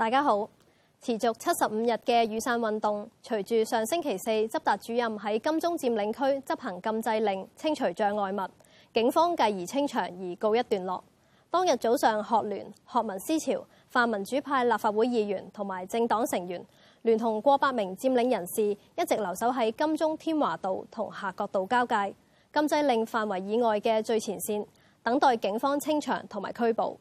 大家好，持續七十五日嘅雨傘運動，隨住上星期四執達主任喺金鐘佔領區執行禁制令，清除障礙物，警方繼而清場而告一段落。當日早上，學聯、學民思潮、泛民主派立法會議員同埋政黨成員，聯同過百名佔領人士一直留守喺金鐘添華道同夏慤道交界，禁制令範圍以外嘅最前線，等待警方清場同埋拘捕。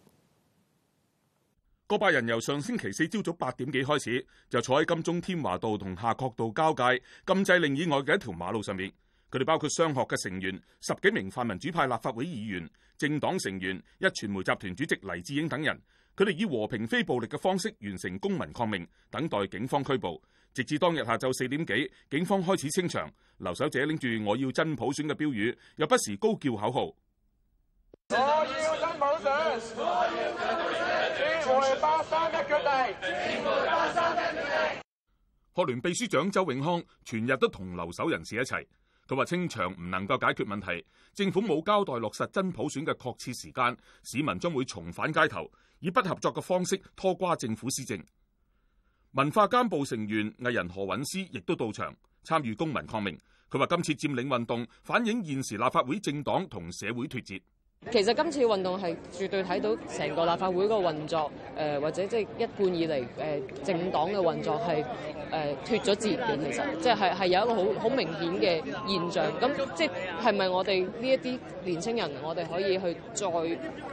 嗰班人由上星期四朝早八點幾開始，就坐喺金鐘添華道同夏愨道交界禁制令以外嘅一條馬路上面。佢哋包括雙學嘅成員、十幾名泛民主派立法會議員、政黨成員、壹傳媒集團主席黎智英等人。佢哋以和平非暴力嘅方式完成公民抗命，等待警方拘捕，直至當日下晝四點幾，警方開始清場。留守者拎住我要真普選嘅標語，又不時高叫口號。我要真普選。全冇巴山的腳力，學聯秘書長周永康全日都同留守人士一齊。佢話清場唔能夠解決問題，政府冇交代落實真普選嘅確切時間，市民將會重返街頭，以不合作嘅方式拖垮政府施政。文化監部成員藝人何韻詩亦都到場參與公民抗命。佢話今次佔領運動反映現時立法會政黨同社會脫節。其實今次運動係絕對睇到成個立法會個運作，誒、呃、或者即係一貫以嚟，誒、呃、政黨嘅運作係誒脱咗節嘅，其實即係係有一個好好明顯嘅現象。咁即係係咪我哋呢一啲年青人,我哋可以去再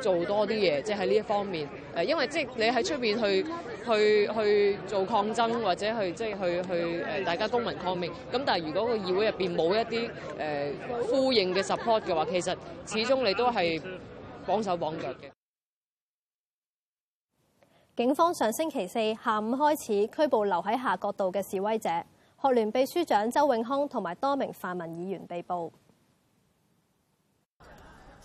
做多啲嘢，即係喺呢一方面？誒、呃，因為即係你喺出邊去。去去做抗爭，或者去即係去去誒，大家公民抗命。咁但係如果個議會入邊冇一啲誒、呃、呼應嘅 support 嘅話，其實始終你都係綁手綁腳嘅。警方上星期四下午開始拘捕留喺夏慤道嘅示威者，學聯秘書長周永康同埋多名泛民議員被捕。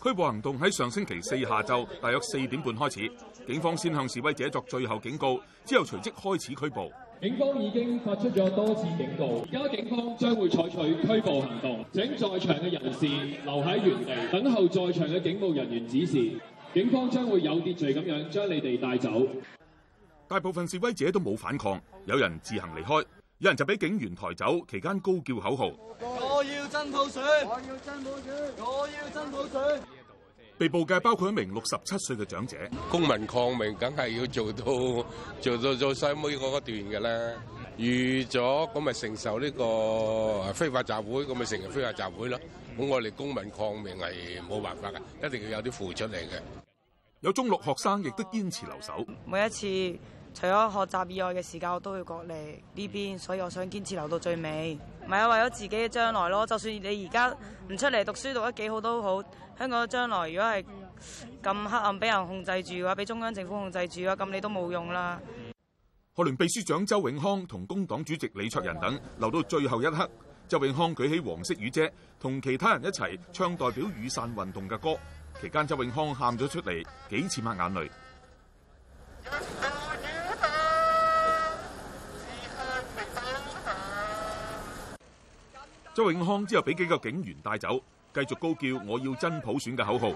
拘捕行動喺上星期四下晝大約四點半開始，警方先向示威者作最後警告，之後隨即開始拘捕。警方已經發出咗多次警告，而家警方將會採取拘捕行動。請在場嘅人士留喺原地，等候在場嘅警務人員指示。警方將會有秩序咁樣將你哋帶走。大部分示威者都冇反抗，有人自行離開，有人就俾警員抬走，期間高叫口號。我要真普選，我要真普選，我要真普選，水。被捕者包括一名六十七歲嘅長者。公民抗命，梗係要做到做到做細妹嗰一段嘅啦。預咗咁咪承受呢個非法集會，咁咪成日非法集會咯。咁我哋公民抗命係冇辦法㗎，一定要有啲付出嚟嘅。有中六學生亦都堅持留守，每一次，除咗學習以外嘅時間，我都會過嚟呢邊，所以我想堅持留到最尾。咪係啊，為咗自己嘅將來咯。就算你而家唔出嚟讀書讀得幾好都好，香港將來如果係咁黑暗，俾人控制住嘅話，俾中央政府控制住嘅話，咁你都冇用啦。學聯秘書長周永康同工黨主席李卓人等留到最後一刻，周永康舉起黃色雨遮，同其他人一齊唱代表雨傘運動嘅歌。期間，周永康喊咗出嚟幾次抹眼淚。周永康之後俾幾個警員帶走，繼續高叫我要真普選嘅口號。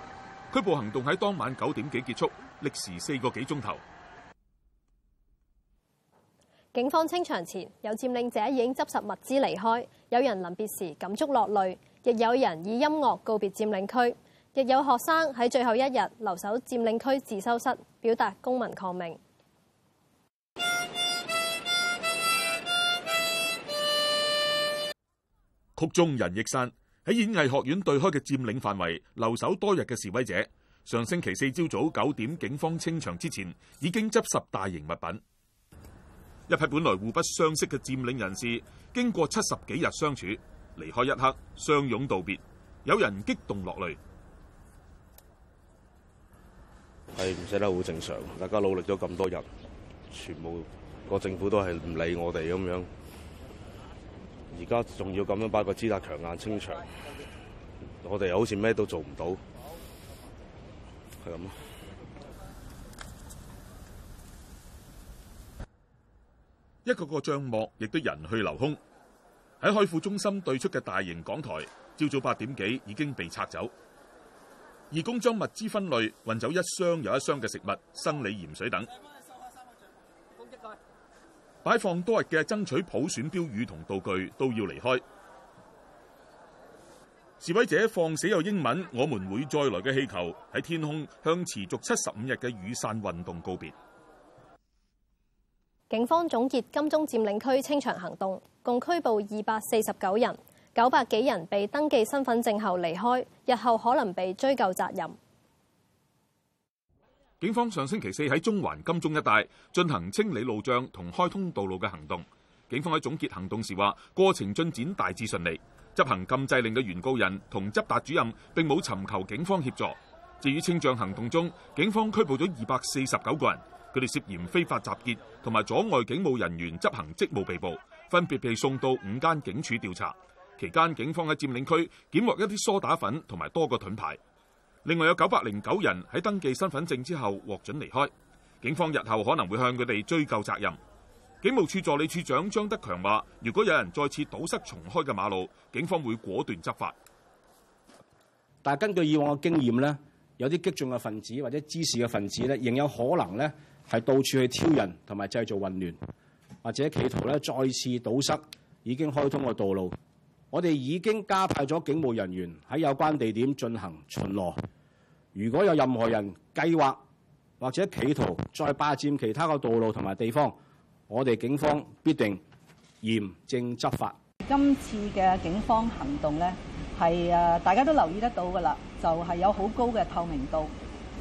拘捕行動喺當晚九點幾結束，歷時四個幾鐘頭。警方清場前，有佔領者已經執拾物資離開，有人臨別時感觸落淚，亦有人以音樂告別佔領區，亦有學生喺最後一日留守佔領區自修室，表達公民抗命。曲終人亦散。喺演藝學院對開嘅佔領範圍，留守多日嘅示威者，上星期四朝早九點，警方清場之前，已經執拾大型物品。一批本來互不相識嘅佔領人士，經過七十幾日相處，離開一刻，相擁道別，有人激動落淚。係唔捨得，好正常。大家努力咗咁多日，全部個政府都係唔理我哋咁樣。而家仲要咁樣擺個姿態強硬清場，我哋又好似咩都做唔到，係咁咯。一個個帳幕亦都人去樓空，喺海富中心對出嘅大型港台，朝早八點幾已經被拆走，義工將物資分類，運走一箱又一箱嘅食物、生理鹽水等。擺放多日嘅爭取普選標語同道具都要離開，示威者放寫有英文，我們會再來嘅氣球喺天空向持續七十五日嘅雨傘運動告別。警方總結金鐘佔領區清場行動，共拘捕二百四十九人，九百幾人被登記身份證後離開，日後可能被追究責任。警方上星期四喺中環金鐘一帶進行清理路障同開通道路嘅行動。警方喺總結行動時話，過程進展大致順利。執行禁制令嘅原告人同執達主任並冇尋求警方協助。至於清障行動中，警方拘捕咗二百四十九個人，佢哋涉嫌非法集結同埋阻礙警務人員執行職務被捕，分別被送到五間警署調查。期間，警方喺佔領區檢獲一啲梳打粉同埋多個盾牌。另外有九百零九人喺登記身份證之後獲准離開，警方日後可能會向佢哋追究責任。警務處助理處長張德強話，如果有人再次堵塞重開嘅馬路，警方會果斷執法。但根據以往嘅經驗呢，有啲激進嘅分子或者滋事嘅分子呢，仍有可能呢，係到處去挑釁同埋製造混亂，或者企圖呢，再次堵塞已經開通嘅道路。我哋已經加派咗警務人員喺有關地點進行巡邏。如果有任何人計劃或者企圖再霸佔其他嘅道路同埋地方，我哋警方必定嚴正執法。今次嘅警方行動呢，大家都留意得到㗎啦，就係、是、有好高嘅透明度。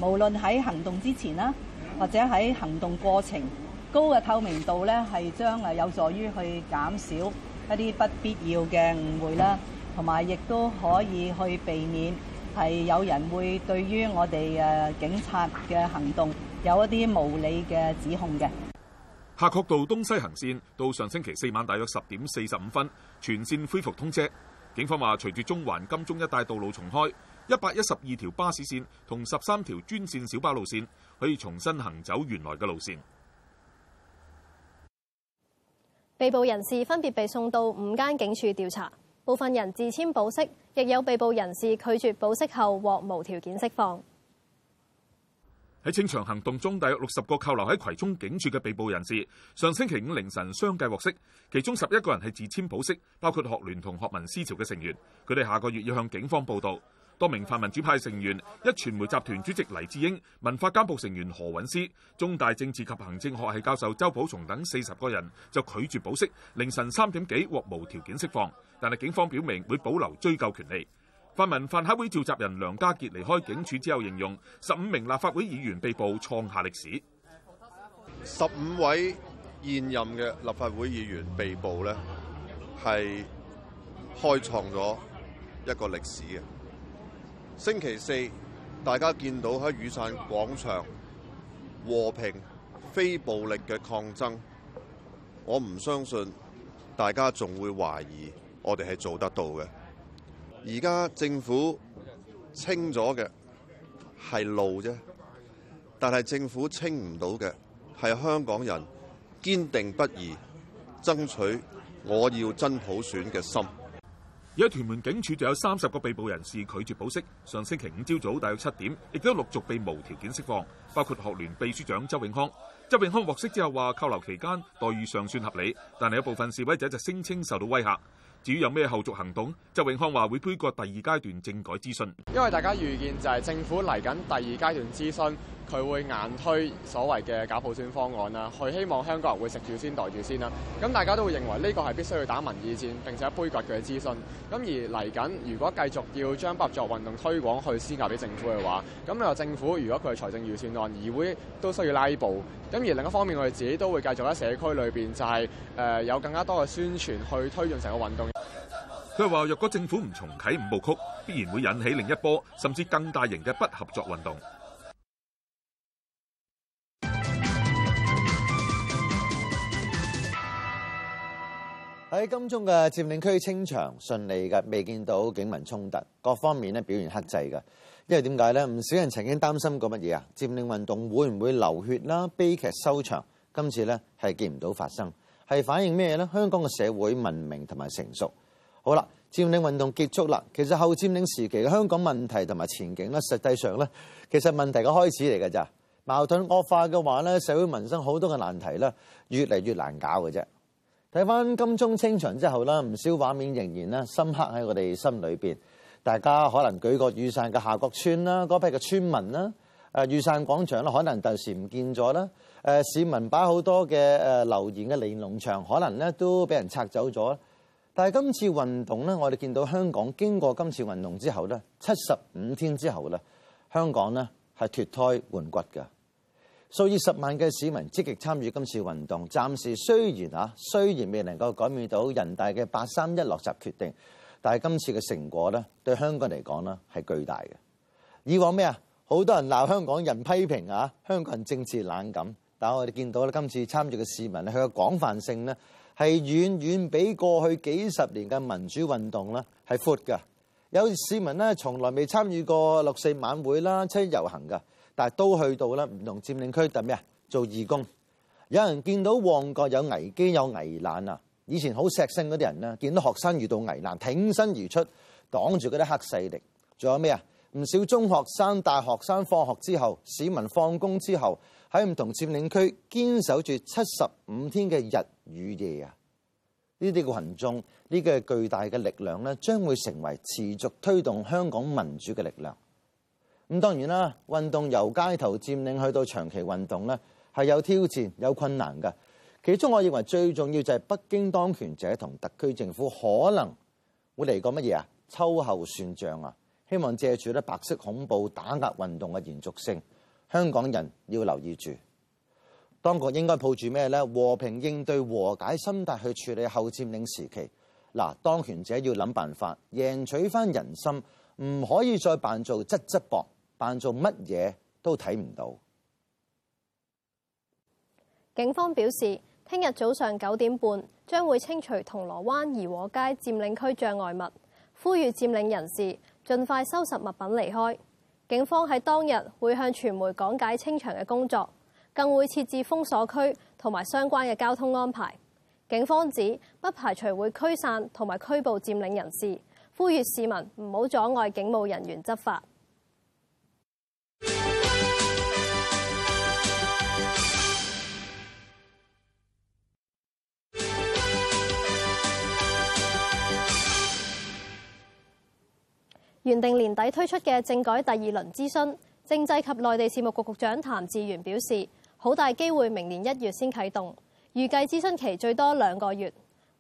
無論喺行動之前啦，或者喺行動過程，高嘅透明度呢係將誒有助於去減少一啲不必要嘅誤會啦，同埋亦都可以去避免係有人會對於我哋誒警察嘅行動有一啲無理嘅指控嘅。夏慤道東西行線到上星期四晚大約十點四十五分，全線恢復通車。警方話，隨住中環金鐘一帶道路重開，一百一十二條巴士線同十三條專線小巴路線可以重新行走原來嘅路線。被捕人士分別被送到五間警署調查，部分人自簽保釋，亦有被捕人士拒絕保釋後獲無條件釋放。喺清場行動中，大約六十個扣留喺葵涌警署嘅被捕人士，上星期五凌晨相繼獲釋，其中十一個人係自簽保釋，包括學聯同學民思潮嘅成員，佢哋下個月要向警方報道。多名泛民主派成員、壹傳媒集團主席黎智英、文化監部成員何韻詩、中大政治及行政學系教授周保松等四十個人就拒絕保釋，凌晨三點幾獲無條件釋放，但係警方表明會保留追究權利。泛民飯盒會召集人梁家傑離開警署之後，形容十五名立法會議員被捕創下歷史，十五位現任嘅立法會議員被捕咧，係開創咗一個歷史嘅。星期四，大家見到喺雨傘廣場和平非暴力嘅抗爭，我唔相信大家仲會懷疑我哋係做得到嘅。而家政府清咗嘅係路啫，但係政府清唔到嘅係香港人堅定不移爭取我要真普選嘅心。而喺屯門警署，就有三十個被捕人士拒絕保釋。上星期五朝早大約七點，亦都陸續被無條件釋放，包括學聯秘書長周永康。周永康獲釋之後話，扣留期間待遇尚算合理，但係有部分示威者就聲稱受到威嚇。至於有咩後續行動，周永康話會杯葛第二階段政改諮詢。因為大家預見就係政府嚟緊第二階段諮詢。佢會硬推所謂嘅假普選方案啦，佢希望香港人會食住先袋住先啦。咁大家都會認為呢個係必須要打民意戰，並且杯葛佢嘅諮詢。咁而嚟緊，如果繼續要將不合作運動推廣去施壓俾政府嘅話，咁你話政府如果佢係財政預算案，議會都需要拉布。咁而另一方面，我哋自己都會繼續喺社區裏面、就是，就係有更加多嘅宣傳去推進成個運動。佢話：若果政府唔重啟五部曲，必然會引起另一波甚至更大型嘅不合作運動。喺金鐘嘅佔領區清場順利嘅，未見到警民衝突，各方面咧表現克制嘅。因為點解咧？唔少人曾經擔心過乜嘢啊？佔領運動會唔會流血啦、悲劇收場？今次咧係見唔到發生，係反映咩咧？香港嘅社會文明同埋成熟。好啦，佔領運動結束啦。其實後佔領時期嘅香港問題同埋前景咧，實際上咧其實問題嘅開始嚟嘅咋。矛盾惡化嘅話咧，社會民生好多嘅難題咧，越嚟越難搞嘅啫。睇翻金鐘清場之後啦，唔少畫面仍然咧深刻喺我哋心裏邊。大家可能舉個雨傘嘅夏慤村，啦，嗰批嘅村民啦，誒雨傘廣場啦，可能第時唔見咗啦。誒市民擺好多嘅誒留言嘅連儂牆，可能咧都俾人拆走咗。但係今次運動咧，我哋見到香港經過今次運動之後咧，七十五天之後啦，香港咧係脫胎換骨㗎。數以十萬嘅市民積極參與今次運動，暫時雖然嚇雖然未能夠改變到人大嘅八三一落閘決定，但係今次嘅成果咧，對香港嚟講咧係巨大嘅。以往咩啊？好多人鬧香港人批評嚇香港人政治冷感，但係我哋見到咧，今次參與嘅市民咧，佢嘅廣泛性咧係遠遠比過去幾十年嘅民主運動咧係闊㗎。有市民咧從來未參與過六四晚會啦、七一遊行嘅。但都去到咧唔同佔領區，做義工。有人見到旺角有危機、有危難啊！以前好錫身嗰啲人咧，見到學生遇到危難，挺身而出，擋住嗰啲黑勢力。仲有咩啊？唔少中學生、大學生放學之後，市民放工之後，喺唔同佔領區堅守住七十五天嘅日與夜啊！呢啲嘅群眾，呢個巨大嘅力量呢，將會成為持續推動香港民主嘅力量。咁當然啦，運動由街頭佔領去到長期運動呢，係有挑戰、有困難嘅。其中，我認為最重要就係北京當權者同特區政府可能會嚟個乜嘢啊？秋後算賬啊！希望借住咧白色恐怖打壓運動嘅延續性，香港人要留意住，當局應該抱住咩呢？和平應對、和解心態去處理後佔領時期。嗱，當權者要諗辦法贏取翻人心，唔可以再扮做側側膊但做乜嘢都睇唔到。警方表示，聽日早上九點半將會清除銅鑼灣怡和街佔領區障礙物，呼籲佔領人士盡快收拾物品離開。警方喺當日會向傳媒講解清場嘅工作，更會設置封鎖區同埋相關嘅交通安排。警方指不排除會驅散同埋拘捕佔領人士，呼籲市民唔好阻礙警務人員執法。原定年底推出嘅政改第二輪諮詢，政制及內地事務局局長譚志源表示，好大機會明年一月先啟動，預計諮詢期最多兩個月。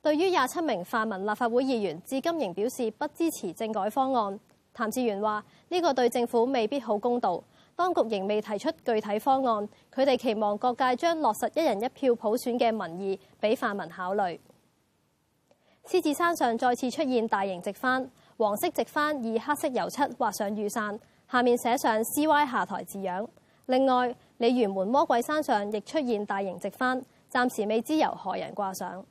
對於廿七名泛民立法會議員至今仍表示不支持政改方案，譚志源話呢個對政府未必好公道。當局仍未提出具體方案，佢哋期望各界將落實一人一票普選嘅民意，俾泛民考慮。獅子山上再次出現大型直幡。黃色直幡以黑色油漆畫上雨傘，下面寫上 “C.Y. 下台”字樣。另外，鯉魚門魔鬼山上亦出現大型直幡，暫時未知由何人掛上。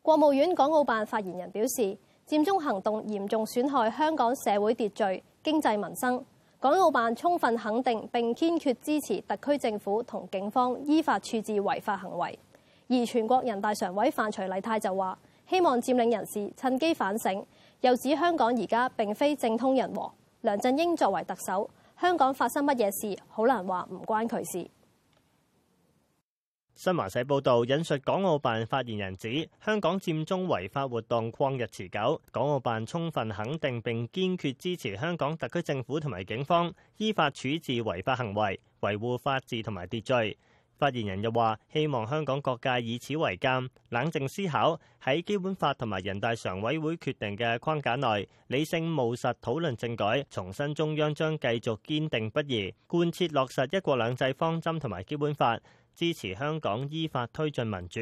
國務院港澳辦發言人表示，佔中行動嚴重損害香港社會秩序、經濟民生。港澳辦充分肯定並堅決支持特區政府同警方依法處置違法行為。而全國人大常委范徐麗泰就話：希望佔領人士趁機反省。又指香港而家並非政通人和，梁振英作為特首，香港發生乜嘢事，好難話唔關佢事。新華社報道引述港澳辦發言人指，香港佔中違法活動曠日持久，港澳辦充分肯定並堅決支持香港特區政府同埋警方依法處置違法行為，維護法治同埋秩序。發言人又話：希望香港各界以此為鑑，冷靜思考喺基本法同埋人大常委會決定嘅框架內，理性務實討論政改。重申中央將繼續堅定不移貫徹落實一國兩制方針同埋基本法，支持香港依法推進民主。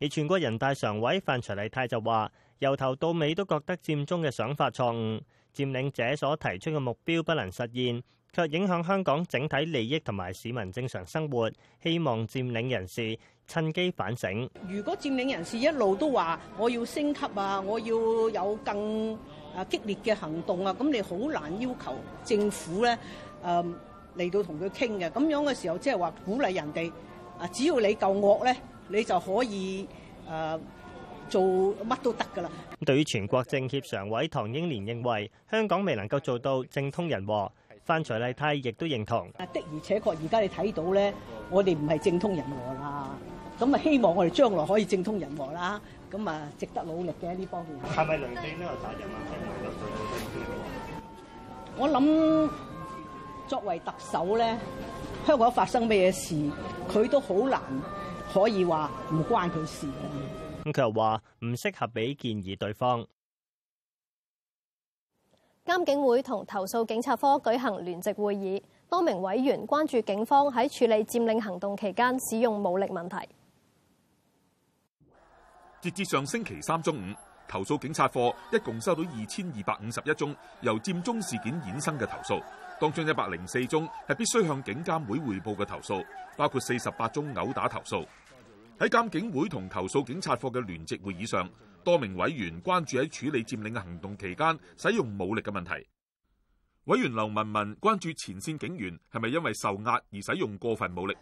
而全國人大常委范徐麗泰就話：由頭到尾都覺得佔中嘅想法錯誤，佔領者所提出嘅目標不能實現。卻影響香港整體利益同埋市民正常生活，希望佔領人士趁機反省。如果佔領人士一路都話我要升級啊，我要有更啊激烈嘅行動啊，咁你好難要求政府咧，誒嚟到同佢傾嘅咁樣嘅時候，即係話鼓勵人哋啊，只要你夠惡咧，你就可以誒做乜都得㗎喇。對於全國政協常委唐英年認為，香港未能夠做到政通人和。范徐麗泰亦都認同，的而且確，而家你睇到咧，我哋唔係政通人和啦，咁啊希望我哋將來可以政通人和啦，咁啊值得努力嘅呢方面。係咪梁振英有責任啊？我諗作為特首咧，香港發生咩事，佢都好難可以話唔關佢事嘅。咁佢又話唔適合俾建議對方。監警會同投訴警察科舉行聯席會議，多名委員關注警方喺處理佔領行動期間使用武力問題。截至上星期三中午，投訴警察科一共收到二千二百五十一宗由佔中事件衍生嘅投訴，當中一百零四宗係必須向警監會匯報嘅投訴，包括四十八宗毆打投訴。喺監警會同投訴警察科嘅聯席會議上。多名委員關注喺處理佔領行動期間使用武力嘅問題。委員劉文文關注前線警員係咪因為受壓而使用過分武力。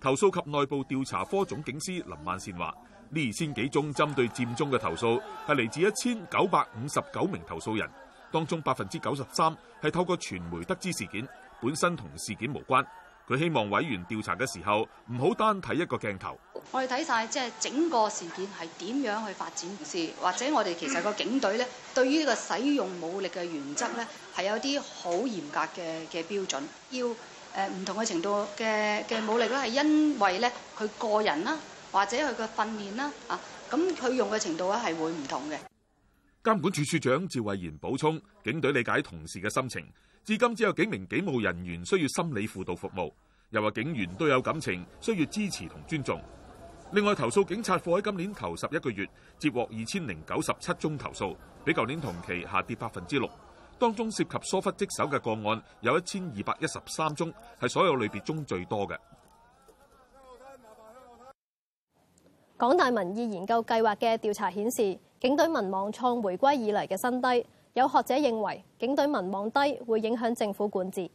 投訴及內部調查科總警司林萬善話：呢二千幾宗針對佔中嘅投訴係嚟自一千九百五十九名投訴人，當中百分之九十三係透過傳媒得知事件，本身同事件無關。佢希望委員調查嘅時候唔好單睇一個鏡頭，我哋睇晒即係整個事件係點樣去發展，同時或者我哋其實個警隊咧，對於呢個使用武力嘅原則咧，係有啲好嚴格嘅嘅標準，要誒唔同嘅程度嘅嘅武力咧，係因為咧佢個人啦，或者佢嘅訓練啦啊，咁佢用嘅程度咧係會唔同嘅。監管處處長趙慧賢補充，警隊理解同事嘅心情。至今只有幾名警務人員需要心理輔導服務，又話警員都有感情，需要支持同尊重。另外，投訴警察課喺今年頭十一個月接獲二千零九十七宗投訴，比舊年同期下跌百分之六。當中涉及疏忽職守嘅個案有一千二百一十三宗，係所有類別中最多嘅。港大民意研究計劃嘅調查顯示，警隊民望創回歸以嚟嘅新低。有學者認為，警隊民望低會影響政府管治。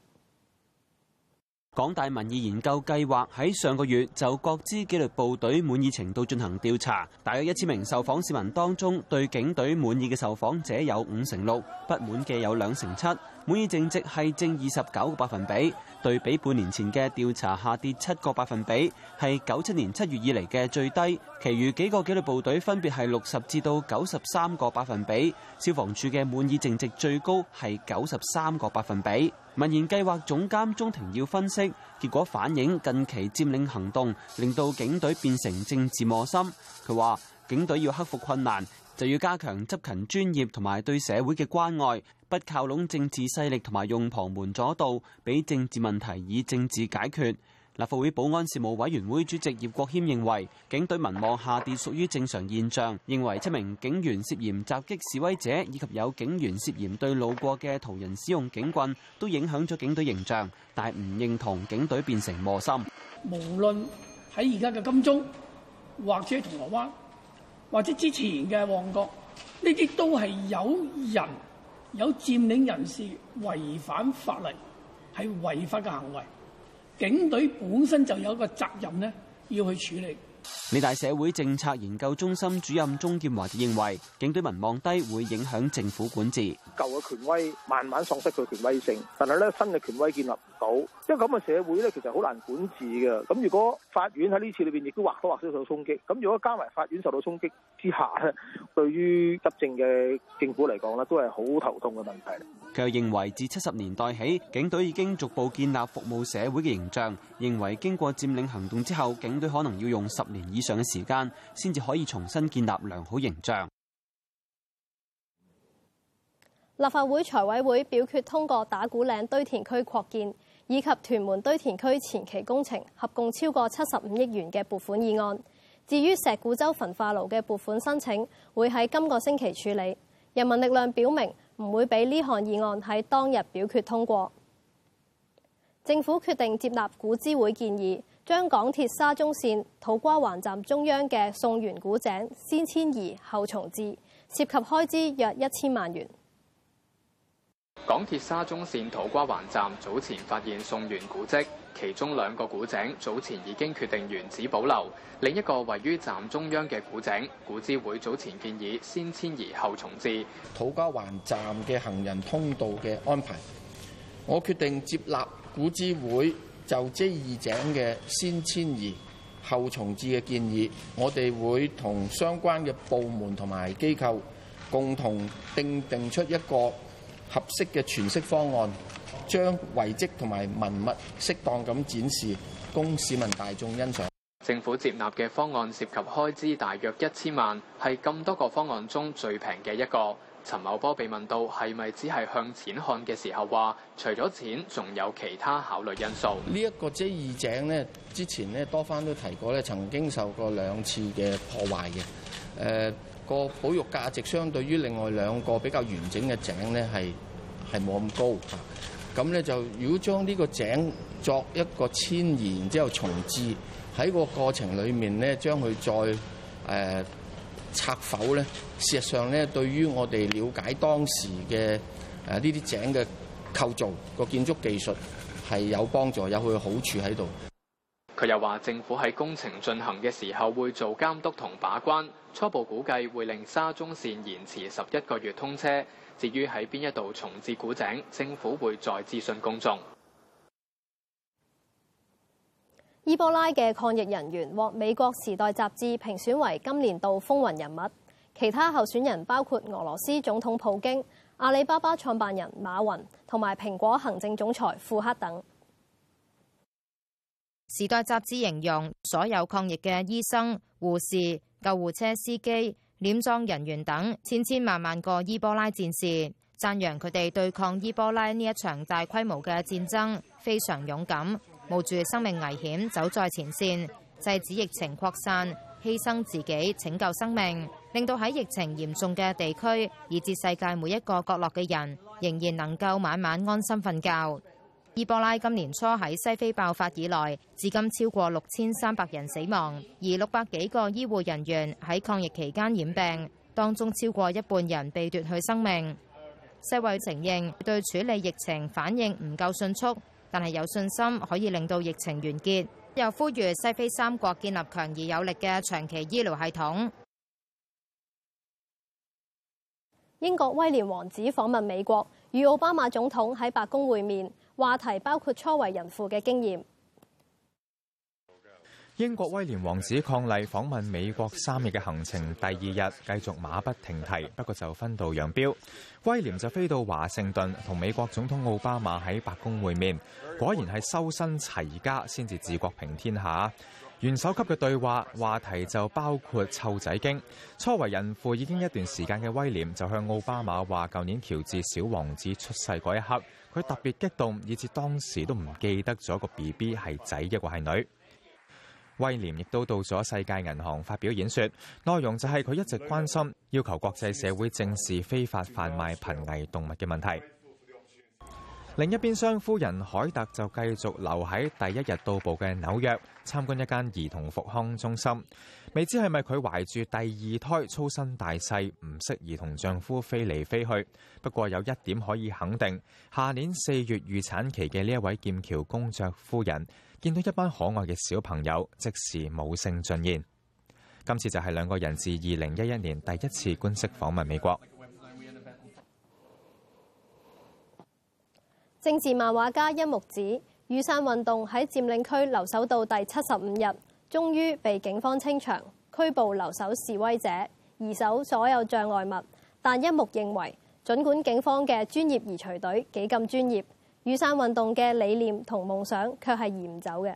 港大民意研究計劃喺上個月就各支紀律部隊滿意程度進行調查，大約一千名受訪市民當中，對警隊滿意嘅受訪者有五成六，不滿嘅有兩成七。滿意淨值係正二十九個百分比，對比半年前嘅調查下跌七個百分比，係九七年七月以嚟嘅最低。其餘幾個紀律部隊分別係六十至到九十三個百分比，消防處嘅滿意淨值最高係九十三個百分比。民意計劃總監鍾庭耀分析結果，反映近期佔領行動令到警隊變成政治磨心。佢話警隊要克服困難，就要加強執勤專業同埋對社會嘅關愛。不靠攏政治勢力，同埋用旁門左道，俾政治問題以政治解決。立法會保安事務委員會主席葉國謙認為，警隊民望下跌屬於正常現象。認為七名警員涉嫌襲擊示威者，以及有警員涉嫌對路過嘅途人使用警棍，都影響咗警隊形象，但係唔認同警隊變成磨心。無論喺而家嘅金鐘，或者銅鑼灣，或者之前嘅旺角，呢啲都係有人。有佔領人士違反法例，係違法嘅行為。警隊本身就有一個責任呢，要去處理。理大社會政策研究中心主任鍾劍華就認為，警隊民望低會影響政府管治。舊嘅權威慢慢喪失佢嘅權威性，但係咧新嘅權威建立唔到，因為咁嘅社會咧其實好難管治嘅。咁如果法院喺呢次裏邊亦都或多或少受到衝擊，咁如果加埋法院受到衝擊之下咧，對於執政嘅政府嚟講咧，都係好頭痛嘅問題。佢又認為，自七十年代起，警隊已經逐步建立服務社會嘅形象。認為經過佔領行動之後，警隊可能要用十年。以上嘅時間先至可以重新建立良好形象。立法會財委會表決通過打鼓嶺堆填區擴建以及屯門堆填區前期工程，合共超過七十五億元嘅撥款議案。至於石鼓洲焚化爐嘅撥款申請，會喺今個星期處理。人民力量表明唔會俾呢項議案喺當日表決通過。政府決定接納古諮會建議。將港鐵沙中線土瓜灣站中央嘅宋元古井先遷移後重置，涉及開支約一千萬元。港鐵沙中線土瓜灣站早前發現宋元古跡，其中兩個古井早前已經決定原址保留，另一個位於站中央嘅古井，古諮會早前建議先遷移後重置。土瓜灣站嘅行人通道嘅安排，我決定接納古諮會。就即 J2 井嘅先遷移後重置嘅建議，我哋會同相關嘅部門同埋機構共同定定出一個合適嘅詮釋方案，將遺迹同埋文物適當咁展示，供市民大眾欣賞。政府接納嘅方案涉及開支大約一千萬，係咁多個方案中最平嘅一個。陳茂波被問到係咪只係向錢看嘅時候，話除咗錢，仲有其他考慮因素。這個、J2 呢一個 J2 井咧，之前咧，多番都提過咧，曾經受過兩次嘅破壞嘅。誒、呃、個保育價值相對於另外兩個比較完整嘅井咧，係係冇咁高嚇。咁咧，就如果將呢個井作一個遷移，然之後重置喺個過程裡面咧，將佢再誒。呃拆否呢？事實上呢，對於我哋了解當時嘅誒呢啲井嘅構造個建築技術係有幫助，有佢嘅好處喺度。佢又話：政府喺工程進行嘅時候會做監督同把關，初步估計會令沙中線延遲十一個月通車。至於喺邊一度重置古井，政府會再諮詢公眾。伊波拉嘅抗疫人員獲美國《時代》雜誌評選為今年度風雲人物，其他候選人包括俄羅斯總統普京、阿里巴巴創辦人馬雲同埋蘋果行政總裁庫克等。《時代》雜誌形容所有抗疫嘅醫生、護士、救護車司機、殮葬人員等千千萬萬個伊波拉戰士，讚揚佢哋對抗伊波拉呢一場大規模嘅戰爭非常勇敢。冒住生命危險走在前線，制止疫情擴散，犧牲自己拯救生命，令到喺疫情嚴重嘅地區以至世界每一個角落嘅人仍然能夠晚晚安心瞓覺。伊波拉今年初喺西非爆發以來至今超過六千三百人死亡，而六百幾個醫護人員喺抗疫期間染病，當中超過一半人被奪去生命。世衛承認對處理疫情反應唔夠迅速。但係有信心可以令到疫情完結，又呼籲西非三國建立強而有力嘅長期醫療系統。英國威廉王子訪問美國，與奧巴馬總統喺白宮會面，話題包括初為人父嘅經驗。英國威廉王子伉儷訪問美國三日嘅行程，第二日繼續馬不停蹄，不過就分道揚鑣。威廉就飛到華盛頓，同美國總統奧巴馬喺白宮會面。果然係修身齊家先至治國平天下。元首級嘅對話話題就包括湊仔經。初為人父已經一段時間嘅威廉就向奧巴馬話：，舊年喬治小王子出世嗰一刻，佢特別激動，以至當時都唔記得咗個 B B 係仔抑或係女。威廉亦都到咗世界銀行發表演說，內容就係佢一直關心，要求國際社會正視非法販賣瀕危動物嘅問題。另一邊廂，夫人凱特就繼續留喺第一日到埗嘅紐約參觀一間兒童復康中心。未知係咪佢懷住第二胎粗身大細，唔適宜同丈夫飛嚟飛去。不過有一點可以肯定，下年四月預產期嘅呢一位劍橋公爵夫人。見到一班可愛嘅小朋友，即時無性進獻。今次就係兩個人自二零一一年第一次官式訪問美國。政治漫畫家一木指雨傘運動喺佔領區留守到第七十五日，終於被警方清場、拘捕留守示威者、移走所有障礙物。但一木認為，儘管警方嘅專業移除隊幾咁專業。雨傘運動嘅理念同夢想，卻係移唔走嘅。